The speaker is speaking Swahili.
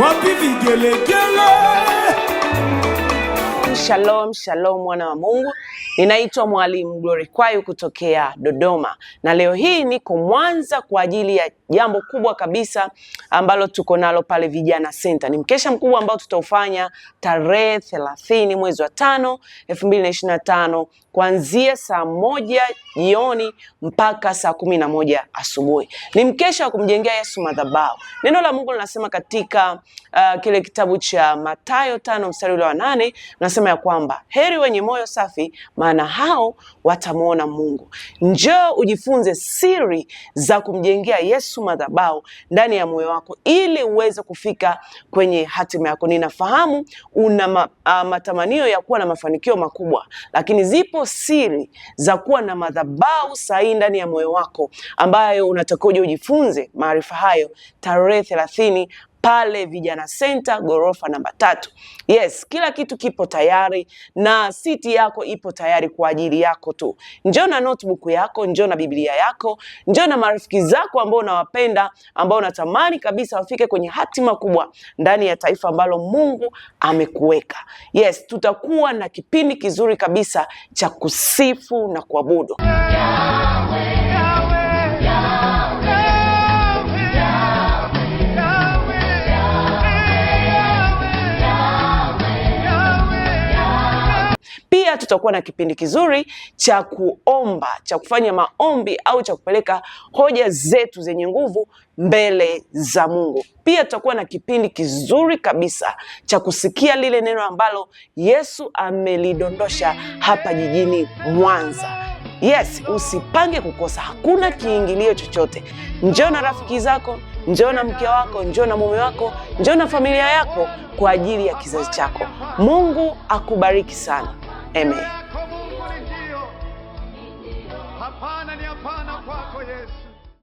wapi gueule. Shalom, shalom mwana wa Mungu, ninaitwa Mwalimu Glory Kwayu kutokea Dodoma, na leo hii niko Mwanza kwa ajili ya jambo kubwa kabisa ambalo tuko nalo pale Vijana Center. Ni mkesha mkubwa ambao tutaufanya tarehe 30 mwezi wa tano elfu mbili na ishirini kuanzia saa moja jioni mpaka saa kumi na moja asubuhi. Ni mkesha wa kumjengea Yesu madhabahu. Neno la Mungu linasema katika uh, kile kitabu cha Mathayo tano mstari ule wa nane nasema anasema ya kwamba heri wenye moyo safi, maana hao watamwona Mungu. Njoo ujifunze siri za kumjengea Yesu madhabahu ndani ya moyo wako ili uweze kufika kwenye hatima yako. Ninafahamu una ma, a, matamanio ya kuwa na mafanikio makubwa, lakini zipo siri za kuwa na madhabahu sahihi ndani ya moyo wako ambayo unatakiwa ujifunze maarifa hayo tarehe thelathini pale Vijana Center ghorofa namba tatu. Yes, kila kitu kipo tayari na siti yako ipo tayari kwa ajili yako tu. Njoo na notebook yako, njoo na Biblia yako, njoo na marafiki zako ambao unawapenda, ambao unatamani kabisa wafike kwenye hatima kubwa ndani ya taifa ambalo Mungu amekuweka. Yes, tutakuwa na kipindi kizuri kabisa cha kusifu na kuabudu. pia tutakuwa na kipindi kizuri cha kuomba, cha kufanya maombi au cha kupeleka hoja zetu zenye nguvu mbele za Mungu. Pia tutakuwa na kipindi kizuri kabisa cha kusikia lile neno ambalo Yesu amelidondosha hapa jijini Mwanza. Yes, usipange kukosa, hakuna kiingilio chochote. Njoo na rafiki zako, njoo na mke wako, njoo na mume wako, njoo na familia yako kwa ajili ya kizazi chako. Mungu akubariki sana. Amen.